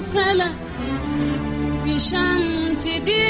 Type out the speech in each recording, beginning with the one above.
salam bishamsi di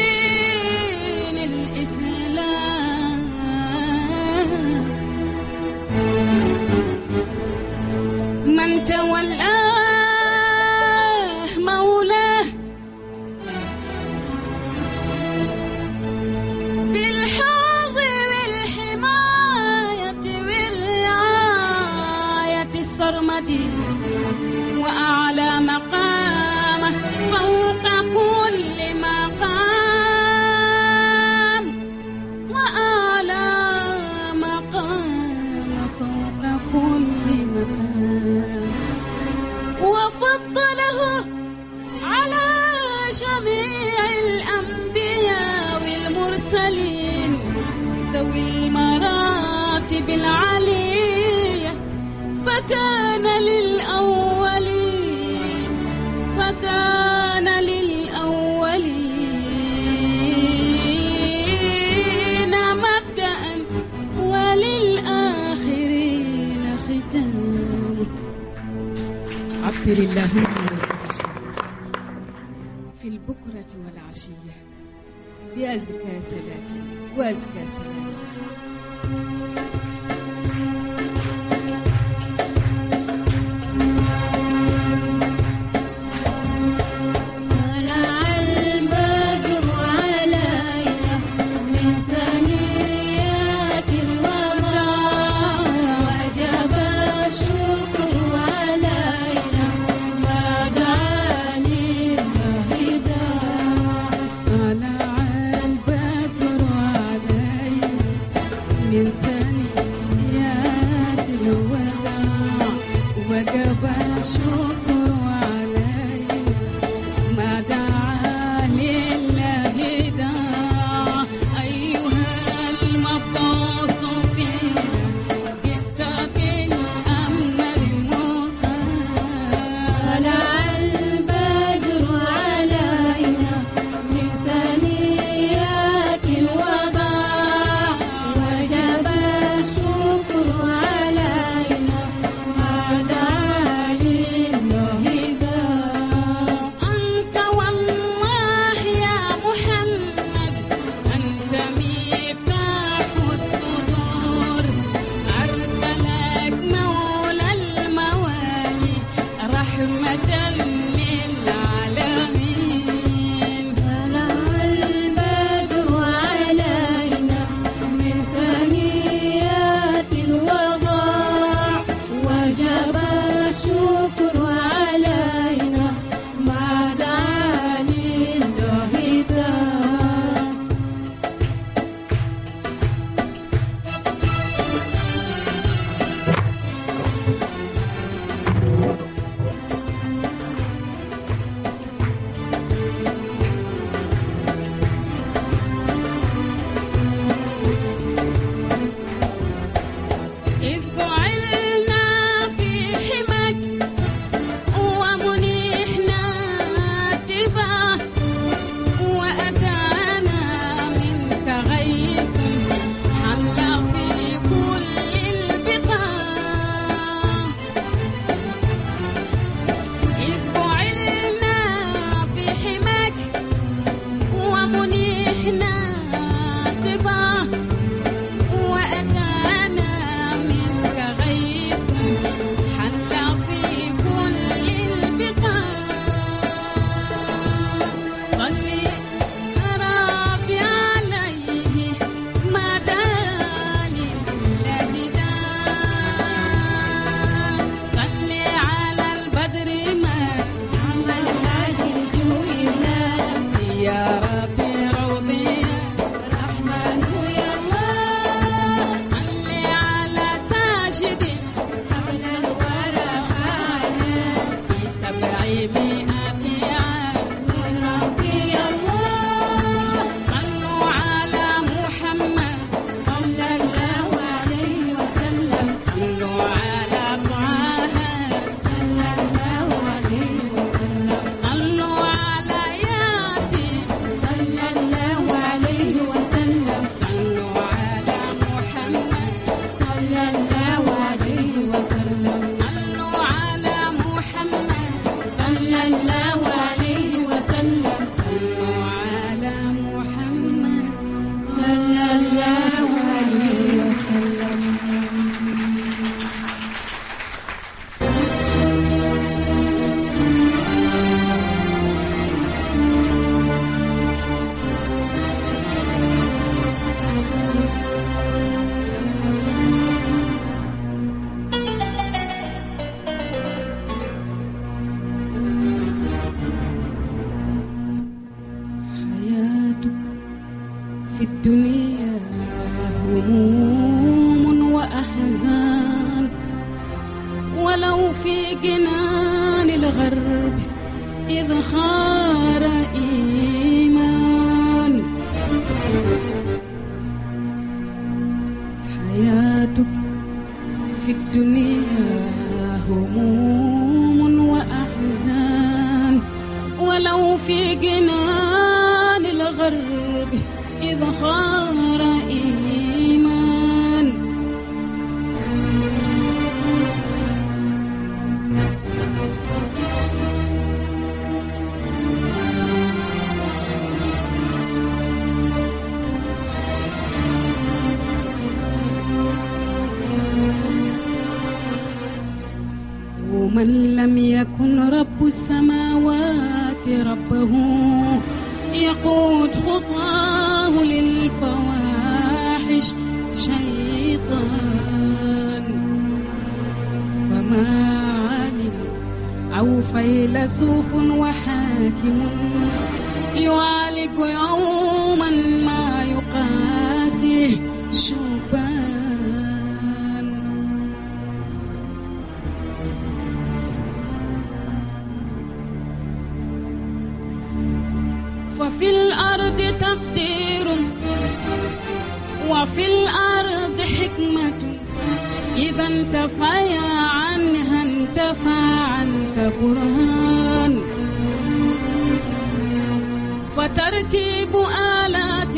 تركيب آلات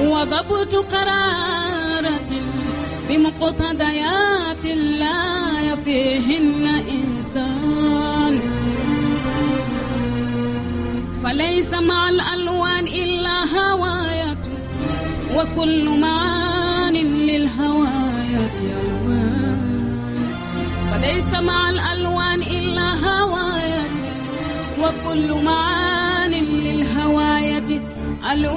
وضبط قرارات بمقتضيات لا يفيهن إنسان فليس مع الألوان إلا هواية وكل معان للهوايات ألوان فليس مع الألوان إلا هواية وكل معان الوان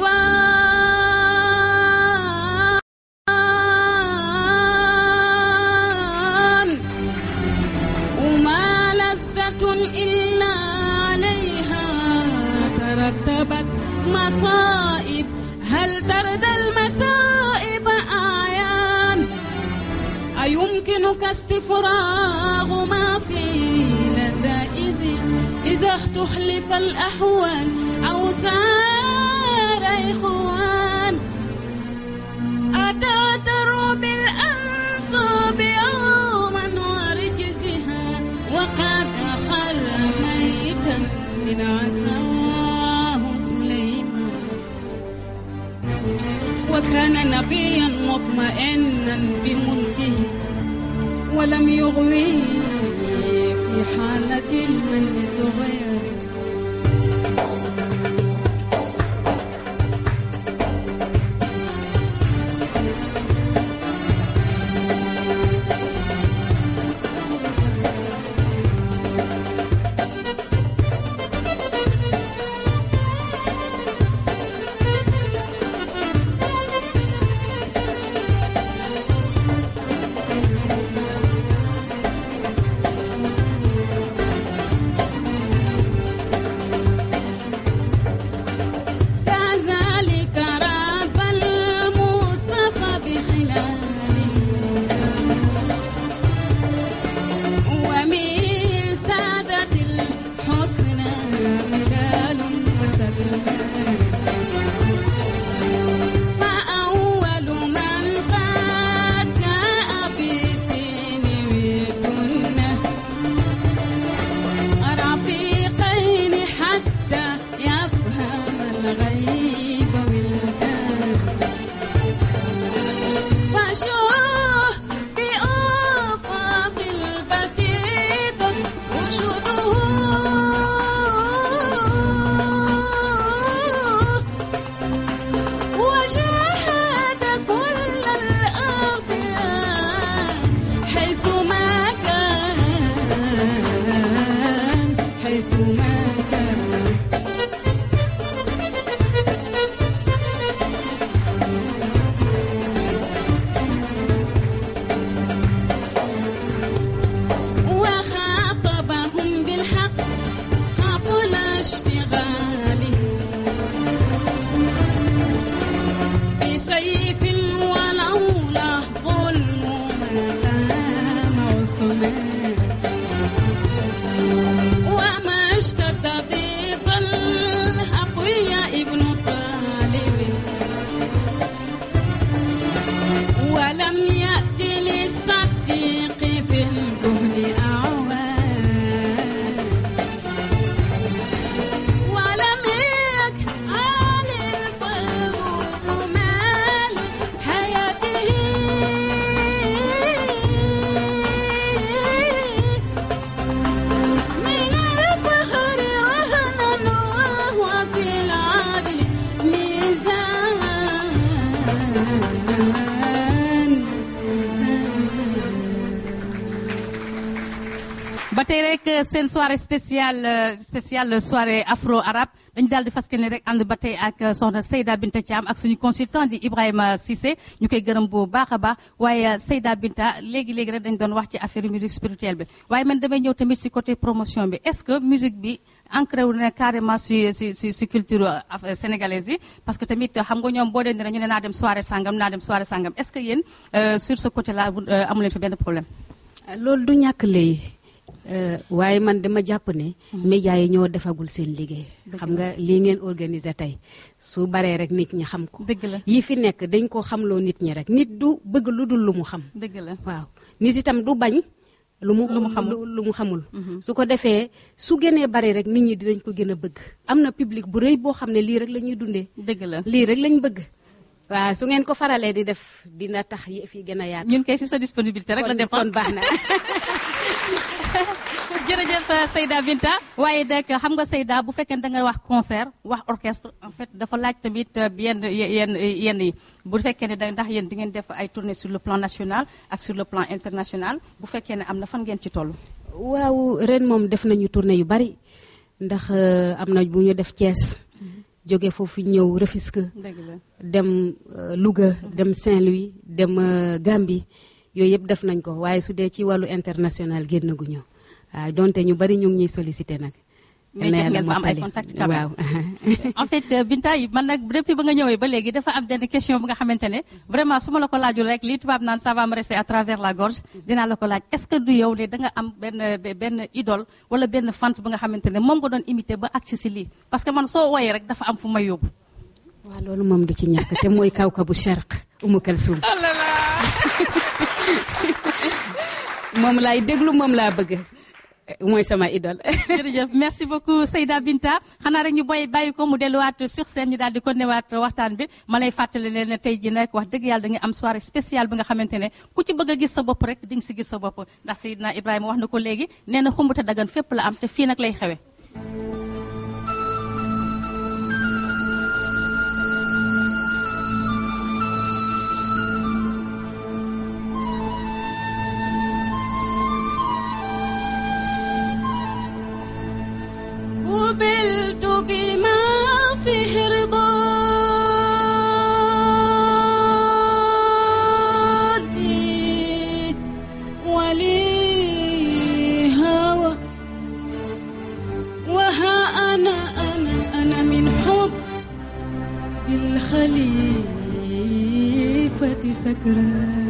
وما لذة إلا عليها ترتبت مصائب هل ترد المصائب أعيان أيمكنك استفراغ ما في لذائذ إذا اختلف الأحوال أو سعيد الإخوان أتعتر بالأنصاب يوما ورجزها وقد أخر ميتا من عساه سليمان وكان نبيا مطمئنا بملكه ولم يغويه في حالة المن تغير seen soirée spéciale euh, spéciale soirée afro arabe dañu daal di faskene rek and batay ak euh, soxna Seyda Binta Thiam ak suñu consultant di Ibrahima Cissé ñu koy gërëm bu baaxa baax waaye euh, Seyda Binta légui légui rek dañ doon wax ci affaire musique spirituelle bi waaye man damay ñëw tamit ci côté promotion bi est-ce que musique bi ancré wu na carrément si si si si culture sénégalaise yi parce que tamit xam nga ñoom boo dee ne ñu ne naa dem soirée sangam naa dem soirée sangam est-ce que yéen sur ce côté là amu leen fi benn problème. loolu du ñàkk léegi Euh, waaye man dama jàpp ne. Hmm. médias yi ñoo defagul seen liggéey. xam nga lii ngeen organiser tey su baree rek nit ñi xam ko. dëgg la yi fi nekk dañ ko xamloo nit ñi rek nit du bëgg lu dul lu mu xam. dëgg la waaw nit itam du bañ. lu mu lu mu xamul lu mu xamul. Hmm. su ko defee su gënee bari rek nit ñi dinañ ko gën a bëgg. am na public bu rëy boo xam ne lii rek la ñuy dundee. dëgg la lii rek lañ bëgg. waa su ngeen ko faralee di def dina tax yëf yi gën a yaatu. ñun si sa disponibilité rek la def kon baax na. jërëjëf euh, Seyda Binta waaye nag xam nga Seyda bu fekkente nga wax concert wax orchestre en fait dafa laaj tamit euh, yenn yenn yenn yi bu fekkee ne ndax yéen di ngeen def ay tournée sur le plan national ak sur le plan international bu fekkee ne am na fan ngeen ci toll. waaw ren moom def nañu tournée yu bari ndax euh, am na bu ñu def Thiès. joge foofu ñëw refisque dem Louga dem Saint Louis dem Gambie. yooyu yëpp def nañ ko waaye su dee ci wàllu international génn gu ñëw ah, waaw donte ñu bari ñu ngi ñuy sollicité nag. mais jot ngeen ko am ay fait euh, Binta man nag depuis ba nga ñëwee ba léegi dafa am benn question bu nga xamante ne vraiment su ma la ko laajul rek li tubaab naan ça va la gorge dinaa la ko laaj est-ce que du yow ne da nga am benn benn idole wala benn fans bu nga xamante ne moom nga doon imité ba agsi si lii parce que man soo woyee rek dafa am fu may yóbbu. waaw loolu moom du ci ñàkk te mooy kaw kabu Sharq Umu Kalsum. Oh moom laay déglu moom laa bëgg mooy sama idole. jërëjëf merci beaucoup Seyda Binta xanaa rek ñu boy bàyyi ko mu delluwaat sur scène ñu daal di continuer waat waxtaan bi ma lay fàttali leen ne tey jii nag wax dëgg yàlla da am soirée spéciale bi nga xamante ne ku ci bëgg a gis sa bopp rek di nga si gis sa bopp ndax Seydina Ibrahima wax na ko léegi nee na xumb te dagan fépp la am te fii nag lay xewe فيه رضاني ولي هوى وها أنا أنا أنا من حب سكران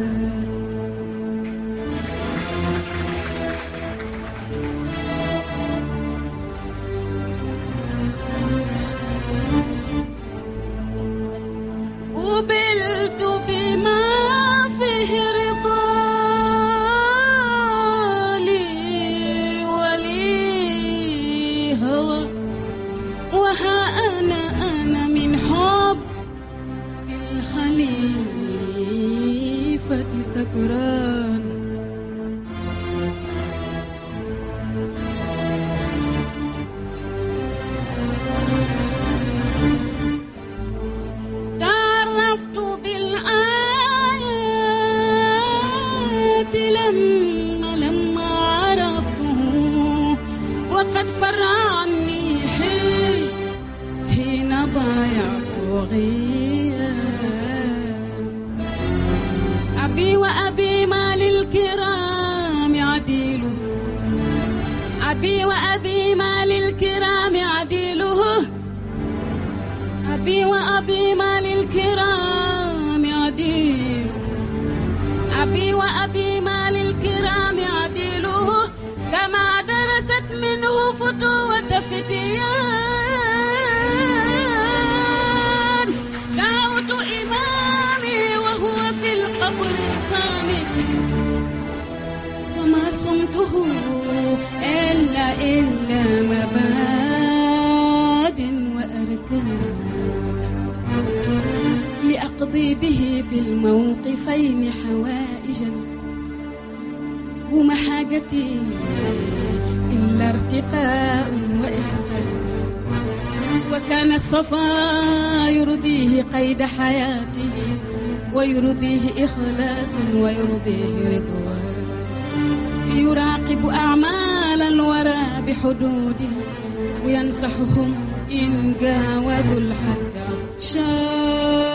يرضيه قيد حياته ويرضيه إخلاص ويرضيه رضوان يراقب أعمالا وراء بحدوده وينصحهم إن جاوزوا الحد شاء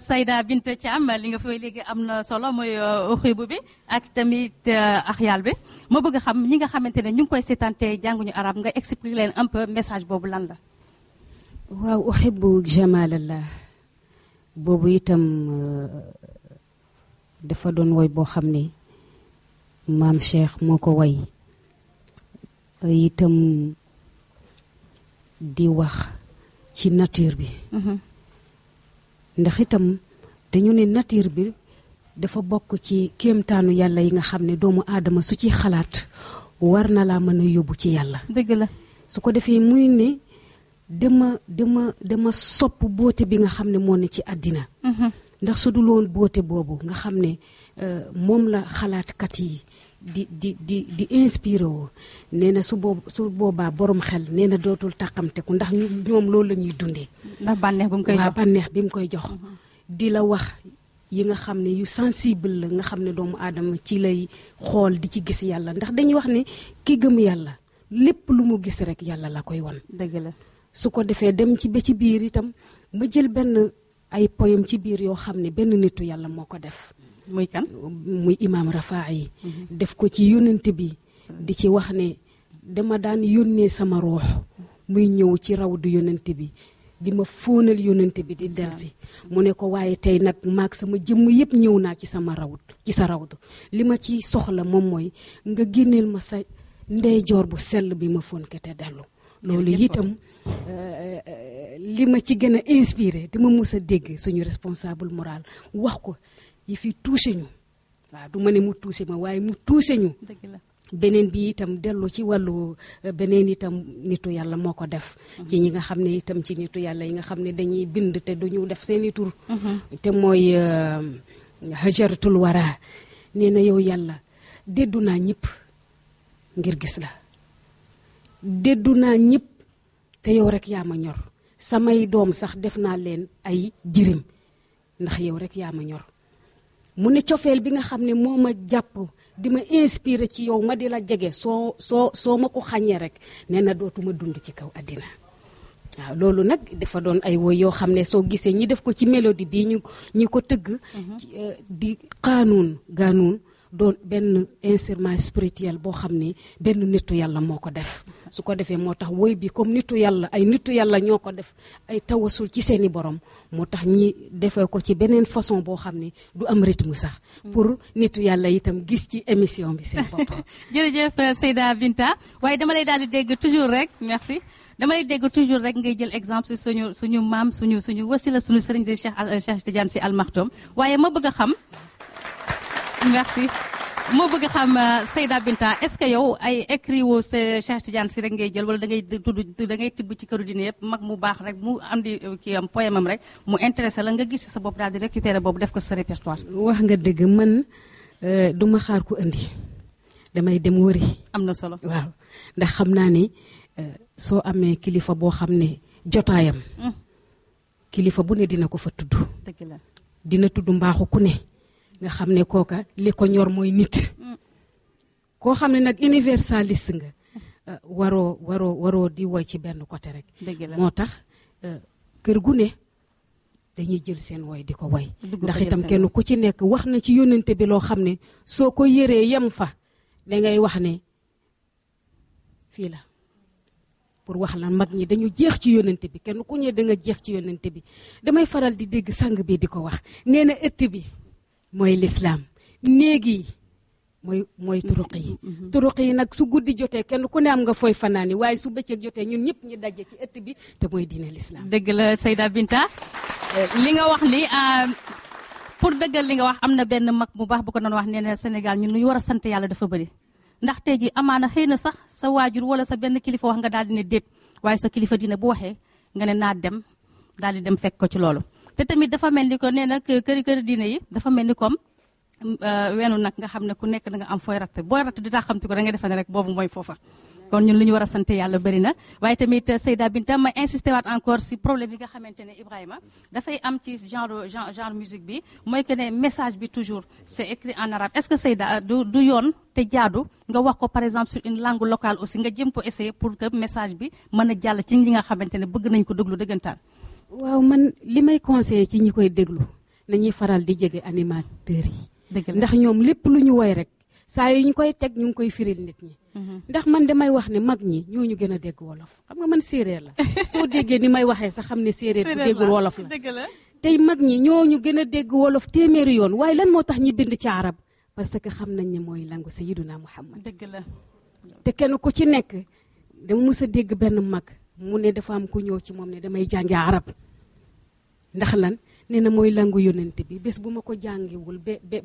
Sayda Binta Thiam li nga fay léegi am na solo mooy euh, xiibu bi ak tamit euh, axyaal bi ma bëgg xam ñi nga xamante ne ñu ngi koy seetaan te jànguñu arab nga expliquer leen un message boobu lan la. waaw uxibu jamalallah boobu itam euh, dafa doon woy boo xam ne maam Cheikh moo ko woy itam di wax ci nature bi. Mhm. ndax itam dañu ne nature bi dafa bokk ci kéemtaanu yàlla yi nga xam ne doomu aadama su ci xalaat war na laa mën a yóbbu ci yàlla. dëgg la su ko defee muy ne dama dama dema sopp boote bi nga xam ne moo ne ci àddina. Mm-hmm. ndax su dul woon boote boobu nga xam ne euh, moom la xalaat kat yi di di di di inspiré woo nee na su boob boobaa boroom xel nee na dootul tàqamteku ndax ñoom loolu la ñuy dundee. ndax bànneex bi mu koy jox bànneex bi mu koy jox. Mm-hmm. di la wax yi nga xam ne yu sensible la nga xam ne doomu aadama ci lay xool di ci gis yàlla ndax dañuy wax ne ki gëm yàlla lépp lu mu gis rek yàlla la koy won dëgg la su ko defee dem ci ba ci biir itam ma jël benn. ay poyam ci biir yoo xam ne benn nitu yàlla moo ko def. muy kan muy imaam Rafaa'i def ko ci yónnent bi. di ci wax ne dama daan yónnee sama ruux muy ñëw ci rawdu yónnent bi di ma fóonal yónnent bi di delsi mu ne ko waaye tey nag maag sama jëmm yépp ñëw naa ci sama rawd ci sa rawdu li ma ciy soxla moom mooy nga génneel ma sa ndeyjoor bu sell bi ma fóon ke te dellu loolu itam Euh, euh, euh, li ma ci gën a inspiré dama mus a dégg suñu responsable moral wax ko yi fi touché ñu waaw du ma ne mu touché ma waaye mu touché ñu beneen bi itam dellu ci wàllu beneen itam nitu yàlla moo ko def mhm. ci ñi nga xam ne itam ci nitu yàlla yi nga xam ne dañuy bind te du duñu def seeni tur mhm. te mooy hajaratul wara nee na yow yàlla déddu naa ñëpp ngir gis la déddu naa te yow rek yaa ma ñor samay doom sax def naa leen ay jirim ndax yow rek yaa ma ñor mu ne cofeel bi nga xam ne moo ma jàpp di ma inspiré ci yow ma di la jege soo soo soo ma ko xàññee rek nee na dootuma dund ci kaw àddina waaw loolu nag dafa doon ay woy yoo xam ne soo gisee ñi def ko ci mélodie bii ñu ñi ko tëgg mm-hmm. euh, di xaanuun gaanuun doon benn instrument spirituel boo xam ne benn nitu yàlla moo ko def su ko defee moo tax woy bi comme nitu yàlla ay nitu yàlla ñoo ko def ay tawasul ci seeni borom moo tax ñi defee ko ci beneen façon boo xam ne du am rythme sax pour nitu yàlla itam gis ci émission bi seen bopp jërëjëf euh, Seyda Binta waaye dama lay daal di dégg toujours rek merci dama lay dégg toujours rek ngay jël exemple suñu suñu maam suñu suñu wasila suñu sëriñ de Cheikh euh, Cheikh Tidiane si Al Maktoum waaye ma bëgg a xam merci mo bëgg xam euh, Seyda Binta est ce que yow ay écrit wo ce Cheikh Tidiane si rek ngay jël wala da ngay tudd da ngay tibb ci kër dina yëpp mag mu baax rek mu am di euh, ki am poème am rek mu intéressé la nga gis sa bopp daal di récupérer bopp def ko sa répertoire wax nga dëgg man euh, duma xaar ku andi damay dem wëri am na solo waaw ndax xam naa ne soo amee kilifa boo xam ne jotaayam mm. kilifa bu ne dina ko fa tudd dëgg la dina tudd mbaaxu ku ne nga xam ne kooka li ko ñor mooy nit koo xam ne nag universaliste nga euh, waroo waroo waroo di woy ci benn côté rek moo tax euh, kër gu ne dañuy jël seen woy di ko woy ndax itam kenn ku ci nekk wax na ci yónnante bi loo xam ne soo ko yëree yem fa dangay wax ne fii la pour wax la mag ñi dañu jeex ci yónnante bi kenn ku ñëw da nga jeex ci yónnante bi damay faral di dégg sang bii di ko wax nee na ëtt bi mooy lislaam néeg mooy mooy turuq yi mm-hmm, mm-hmm. turuq yi nag su guddi jotee kenn ku ne am nga fooy fanaani waaye su bëccëg jotee ñun ñëpp ñu daje ci ëtt bi te mooy diine lislaam dëgg la Seyda Binta eh, li nga wax li ah, pour dëggal li nga wax am na benn mag bu baax bu ko doon wax nee na senegal ñun lu war a sant yàlla dafa bari ndax tey ji amaana xëy na sax sa waajur wala sa benn kilifa wax nga daal di ne déet waaye sa kilifa dina bu waxee nga ne naa dem daal di dem fekk ko ci loolu te tamit dafa mel ni que nee na këri këri diine yi dafa mel ni comme euh, weenu nag nga xam ne ku nekk da nga am fooy ratt boo ratt di taa xam te ko da ngay defe rek boobu mooy foofa. kon ñun li ñu war a sant yàlla bëri na waaye tamit euh, Seyda tam ma insisté waat encore si problème yi nga xamante ne Ibrahima dafay am ci genre genre musique bi mooy que ne message bi toujours c' est écrit en arabe est ce que Seyda du yoon te jaadu nga wax ko par exemple sur une langue aussi nga jëm ko essayer pour que message bi mën a jàll ci ñi nga xamante ne bëgg nañ ko déglu dëggantaan. waaw man li may conseillé ci ñi koy déglu nañuy faral di jege animateurs yi. ndax ñoom lépp lu ñu woy rek saa yi ñu koy teg ñu ngi koy firil nit ñi. Mm-hmm. ndax man damay wax ne mag ñi ñoo ñu gën a dégg wolof xam nga man séeréer la ni may waxee sax xam ne séeréer bu déggul wolof la tey mag ñi ñoo ñu gën a dégg wolof téeméeri yoon waaye lan moo tax ñi bind ci parce que xam nañ ne mooy langu sayyiduna Muhammad dëgg la te kenn ko ci nekk dama musa dégg benn mag mu ne dafa am ku ñëw ci moom ne damay jàngi arab ndax lan nee na mooy langu yonent bi bés bu ma ko jàngiwul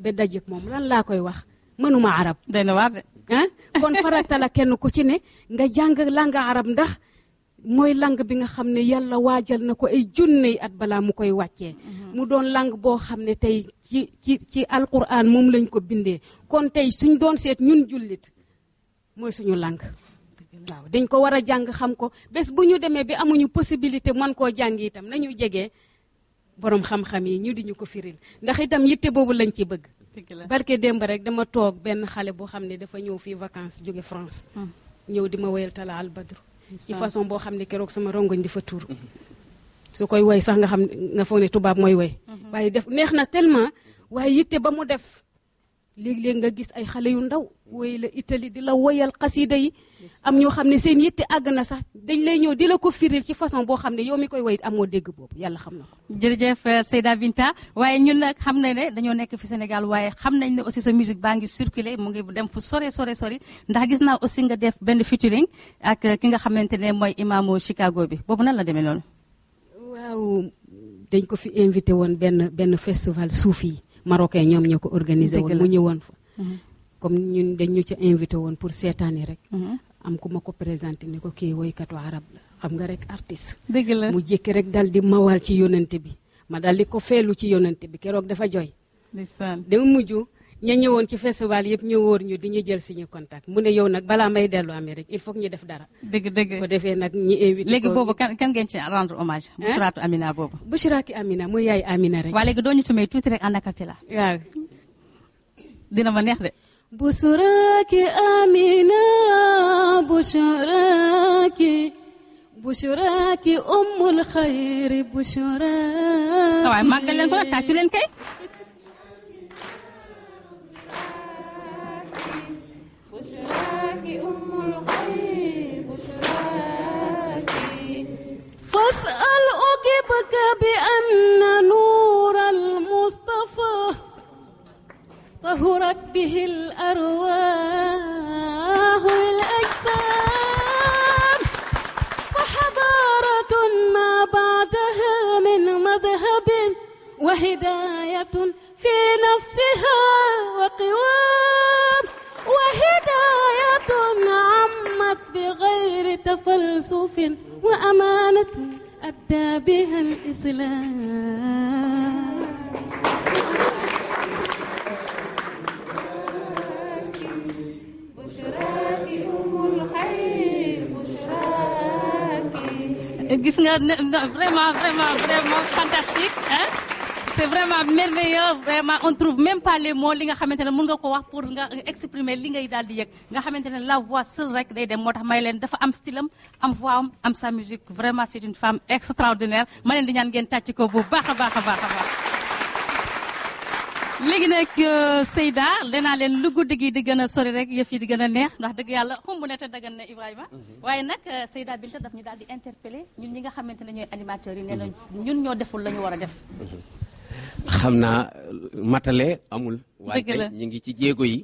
ba dajeek moom lan laa koy wax mënuma arab. day na waar de. kon farata kenn ku ci ne nga jàng langa arab ndax mooy lang bi nga xam ne yalla waajal na ko ay junney at balaa mu koy wàccee. Mhm. mu doon lang boo xam ne tey ci ci ci alquran moom lañ ko bindee kon tey suñ doon seet ñun jullit mooy suñu lang. waaw dañ ko war a jàng xam ko bés bu ñu demee bi amuñu possibilité man koo jàng itam nañu jege boroom xam-xam yi ñu di ñu ko firil ndax itam yitte boobu lañ ci bëgg. barke démb rek dama toog benn xale boo xam ne dafa ñëw fii vacance jóge France. Hmm. ñëw di ma woyal tala albadru ci façon boo xam ne keroog sama rongoñ di fa tuur su koy woy sax nga xam nga foog ne tubaab mooy woy. Hmm. waaye def neex na tellement waaye yitte ba mu def. léegi léeg nga gis ay xale yu ndaw woy la itali di la woyal xasida yi am ñoo xam ne seen yitte àgg na sax dañ lay ñëw di la ko firil ci façon boo xam ne yow mi koy woy amoo dégg boobu yàlla xam na ko jërëjëf euh, Seyda Binta waaye ñun nag xam nañ ne dañoo nekk fi Sénégal waaye xam nañ ne aussi sa musique baa ngi circulé mu ngi dem fu sore sore sori ndax gis naa aussi nga def benn featuring ak euh, ki nga xamante ne mooy imaamu Chicago bi boobu nan la demee noonu waaw dañ ko fi invité woon benn benn festival suuf yi marocain ñoom ñoo ko organisé woon mu ñëwoon fa mhm. comme ñun dañ ñu ci invité woon pour seetaani rek mhm. am ku ma ko présenté ni ko kii woykatu arab la xam nga rek artiste dëgg la mu jëkk rek dal di mawal ci yonante bi ma dal di ko feelu ci yonante bi keroog dafa joy ndeysaan dama mujj ña ñëwoon ci festival yëpp ñu wóor ñu di ñu jël suñu contact mu ne yow nag balaa may dellu Amérique il faut que ñu def dara. dëgg dëgg ko defee nag ñi invité. léegi boobu kan kan ngeen ci rendre hommage. Bushraatu Amina boobu. Bushraaki Amina muy yaay Amina rek. waa léegi doo ñu tumee tuuti rek ànd ak la. dina ma neex de. Bushraaki Amina Bushraaki. Bushraaki ummul xayri Bushraaki. waaw màggal leen ko nag tàccu leen kay. بشراك أم الخير بشراك فاسأل أجبك بأن نور المصطفى طهرت به الأرواح والأجسام فحضارة ما بعدها من مذهب وهداية في نفسها خوف وأمانة أبدى بها الإسلام بشراكي بشراكي فريمون فريمون فريمون فانتاستيك c'est vraiment merveilleux vraiment on trouve même pas les mots li nga xamantene mën nga ko wax pour nga exprimer li ngay daal di nga xamantene la voix seule rek day dem motax may len dafa am style am voix am am sa musique vraiment c'est une femme extraordinaire ma len di ñaan ngeen tacc ko bu baax a baax a baax a baax léegi nag euh, Seyda danaa leen lu guddi gi di gën a sori rek yëf yi di gën a neex ndax dëgg yàlla xum bu ne te dagan na Ibrahima. Mhm. waaye nag euh, Seyda Binta daf ñu daal di interpellé ñun ñi nga xamante ne ñooy animateurs yi. nee ñun ñoo deful la ñu war a def. Mhm. xam naa matale amul. waaye tey ñu ngi ci jéego yi.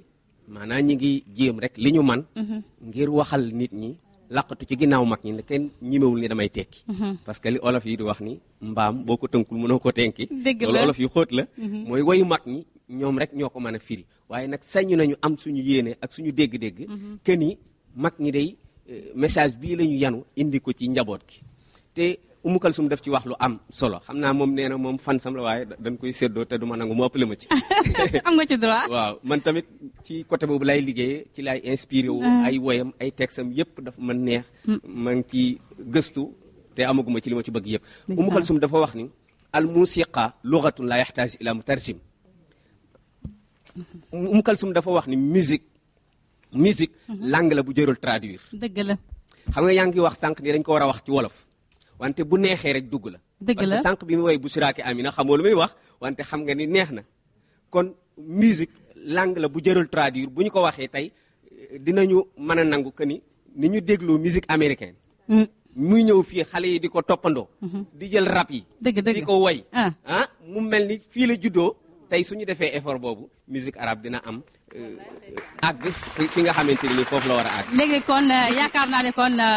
maanaam ñu ngi jéem rek li ñu man mhm. ngir waxal nit ñi. laqatu ci ginnaaw mag ñi ne kenn ñimewul ni damay tekki. Mhm. parce que li olof yi di wax ni mbaam boo ko tënkul mënoo ko tenki. dëgg loolu olof yu xoot la. Mhm. mooy wayu mag ñi ñoom rek ñoo ko man a firi. waaye nag sañu nañu am suñu yéene ak suñu dégg-dégg. que mag ñi day eh, message bii lañu ñu yanu indi ko ci njaboot gi te. Umu Kalsum def ci wax lu am solo xam naa moom nee na moom fan sam la waaye dañ koy séddoo te duma ma nangu mu ëppale ma ci. am nga ci droit. waaw man tamit ci côté boobu lay liggéeyee ci laay inspiré wu. Ah. ay woyam ay texam yëpp dafa man neex. Mm. ma ngi ciy gëstu te amaguma ci li ma ci bëgg yëpp. Umu Kalsum dafa wax ni. al musiqa lugatun la yaxtaaj ila mutarjim Umu Kalsum dafa wax ni musique musique mm-hmm. langue la bu jërul traduire. dëgg xam nga yaa ngi wax sànq ni dañ ko war a wax ci wolof. wante bu neexee rek dugg la. dëgg la sànq bi mu woy Bushra ki Amina xamoo lu muy wax wante xam nga ni neex na kon musique langue la bu jëral traduire bu ñu ko waxee tey dinañu mën a nangu que ni ni ñu dégloo musique américaine. Mm. muy ñëw fii xale yi di ko toppandoo. Mm-hmm. di jël rap yi. dëgg dëgg di ko woy. Ah. ah mu mel ni fii la juddoo tey su ñu defee effort boobu musique arabe dina am. àgg fi nga xamante ni foofu la war a àgg. léegi kon euh, yaakaar naa ne kon euh,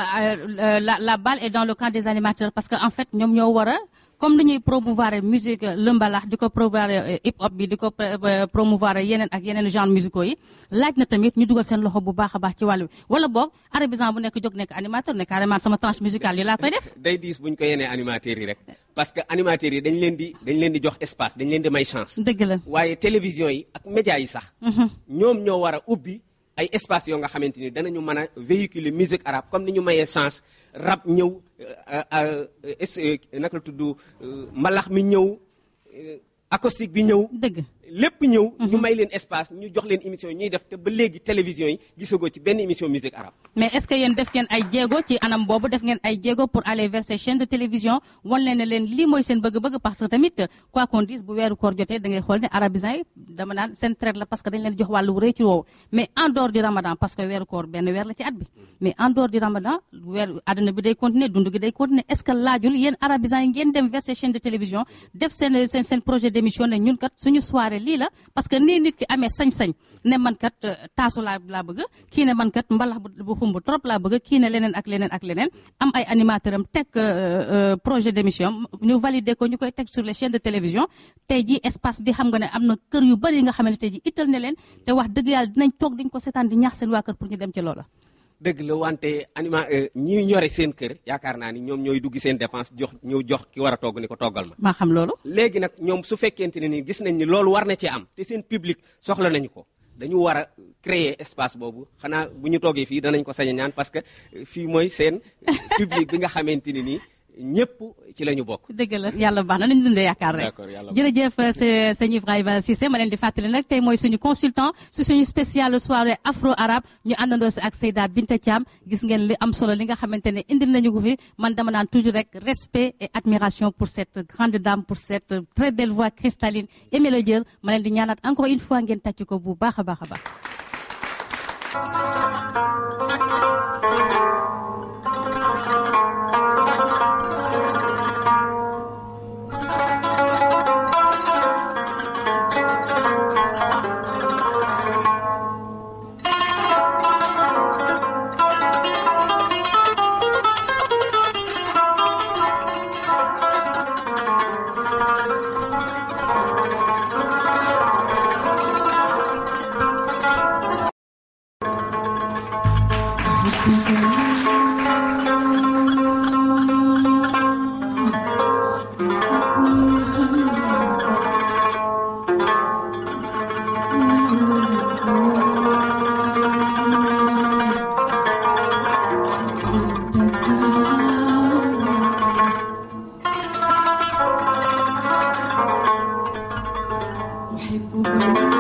euh, la balle est dans le camp des animateurs parce que en fait ñoom ñoo war a. comme dañuy promouvoir musique lëmbalax di ko promouvoir euh, hip hop bi di ko euh, promouvoir yeneen ak yeneen genre musicaux yi laaj na tamit ñu dugal seen loxo bu baax a baax ci wàllu wala boog arabisant bu nekk jóg nekk animateur ne carrément sama tranche musicale yi laa koy def. day diis bu ko yenee animateurs yi rek parce que animateurs yi dañ leen di dañ leen jox espace dañ leen di may chance. dëgg la waaye télévision yi ak média yi sax. Mhm. ñoom ñoo war ubbi. ay espace yoo nga xamante ni danañu mën a véhiculer musique arabe comme ni ñu mayee sens rab ñëw euh, euh, euh, naka la tudd malax mi ñëw acoustique bi ñëw dëgg lépp ñëw ñu mhm. may leen espace ñu jox leen émission yi ñuy def te ba léegi télévision yi gisagoo ci benn émission musique arabe mais est-ce que yéen def ngeen ay jéego ci anam boobu def ngeen ay jéego pour aller vers ces chaînes de télévision wan leen ne leen lii mooy seen bëgg-bëgg parce que tamit quoi qu'on dise bu weeru koor jotee da ngay xool ne arabisant yi dama naan seen traite la parce que dañ leen jox wàllu rëy ci woowu mais en dehors du ramadan parce que weeru koor benn weer la ci at bi mais en dehors du ramadan weer àdduna bi day continuer dund gi day continuer est-ce que laajul yéen arabisant yi ngeen dem vers ces chaînes de télévision def seen seen seen projet d'émission ne ñun kat suñu soirée déclaré lii la parce que nii nit ki amee sañ-sañ ne man kat eh, taasu laa laa bëgg kii ne man kat mbalax bu xumb trop laa bëgg kii ne leneen ak leneen ak leneen am ay animateur am teg eh, eh, projet d' émission ñu validé ko ñu koy teg sur les chaînes de télévision tey jii espace bi xam nga ne am na kër yu bëri nga xam ne tey jii ital ne leen te wax dëgg yàlla dinañ toog diñ ko seetaan di ñaax seen waa kër pour ñu dem ci loola. dëgg la wante anima euh, ñi ñore seen kër yaakaar naa ni ñoom ñooy dugg seen dépence jox ñëw jox ki war a togg ni ko toggal ma. maa xam loolu. léegi nag ñoom su fekkente ne nii gis nañ ni loolu war na ci am te seen public soxla nañu ko. dañu war a créer espace boobu xanaa bu ñu toogee fii danañ ko sañ a parce que fii mooy seen public bi nga xamante ni nii ñëpp ci la ñu bokk. dëgg la yàlla baax na nañu dundee yaakaar rek. jërëjëf sëñ Ibrahima Cissé ma leen di fàttali nag tey mooy suñu consultant su suñu spécial soirée afro arabe ñu àndandoo si ak Seyda Binta Thiam gis ngeen li am solo li nga xamante ne indil nañu ko fi man dama naan toujours rek respect et admiration pour cette grande dame pour cette très belle voix cristalline et mélodieuse ma leen di ñaanaat encore une fois ngeen tàcc ko bu baax a baax a baax. de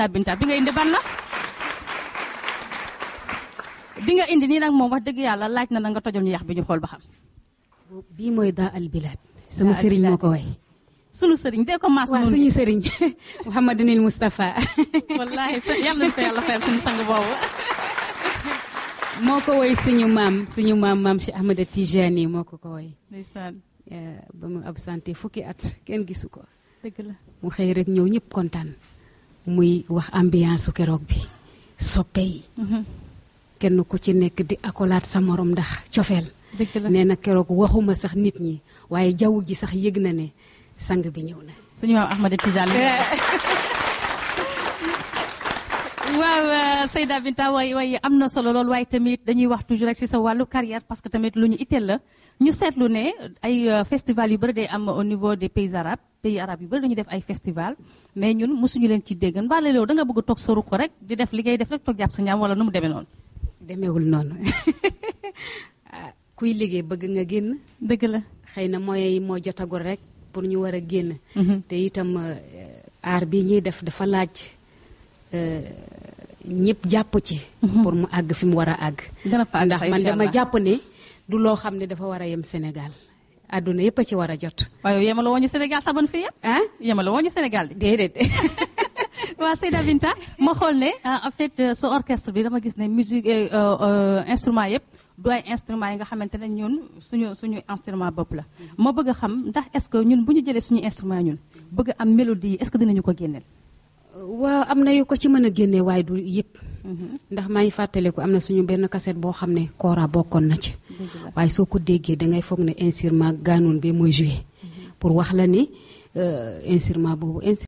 Adja bi nga indi ban bi nga indi nii nag moom wax dëgg yàlla laaj na na nga tojal ñu yax bi ñu xool ba xam. bii mooy daa albilaat sama sëriñ moo ko way sëriñ dee suñu sëriñ Mouhamadinil Moustapha moo ko suñu maam suñu maam maam si Ahmada Tijani moo ko ko woy ndeysaan eh, ba mu absenté fukki at kenn gisu ko mu xëy rek ñëw ñëpp kontaan muy wax ambiance su keroog bi soppe yi mhm. kenn ku ci nekk di akolaat sa morom ndax cofeel nee na keroog waxuma sax nit ñi waaye jaww ji sax yëg na ne sang bi ñëw na waaw euh, Seyda Binta waay waay am na solo lool waaye tamit dañuy wax toujours rek si sa wàllu carrière parce que tamit lu ñu itteel la ñu seetlu ne ay euh, festival yu bari day am au niveau des pays arabes pays arabes yu bëri dañuy def ay festival mais ñun mosuñu leen ci dégg mbaa léeg-léeg da nga bëgg toog soru ko rek di def li ngay def rek toog jàpp sa ñaam wala nu mu demee noonu. demeewul noonu ah, kuy liggéey bëgg nga génn. bëgg la xëy na mooy moo jotagul rek pour ñu war a génn. Mhm. te itam euh, aar bi ñuy def dafa laaj. Euh, ñëpp jàpp ci. Mhm. pour mu àgg fi mu war a àgg. ndax man dama jàpp ne du loo xam ne dafa war a yem Sénégal. àdduna yëpp ci war a jot. waaye yemale woo ñu Sénégal sax ban fi yem. ah yemale woo ñu Sénégal de. déedéet. waaw Seyda Binta ma xool ne ah, en fait euh, sa orchestre bi dama gis ne musique euh, instrument yëpp. du ay instrument yi nga xamante ne ñun suñu suñu instrument bopp la. Mhm. ma bëgg xam ndax est-ce que ñun bu ñu jëlee suñu instrument ñun. bëgg am mélodie yi est-ce que dinañu ko génneel. waaw am na yu ko ci mën a génne waaye du yëpp. Mhm. ndax maa ngi fàttaliku am na suñu benn kaset boo xam ne Kora bokkoon na ci. waaye soo ko déggee da ngay foog ne instrument gaanuun bi mooy joué. Mhm. pour wax la ni euh, instrument boobu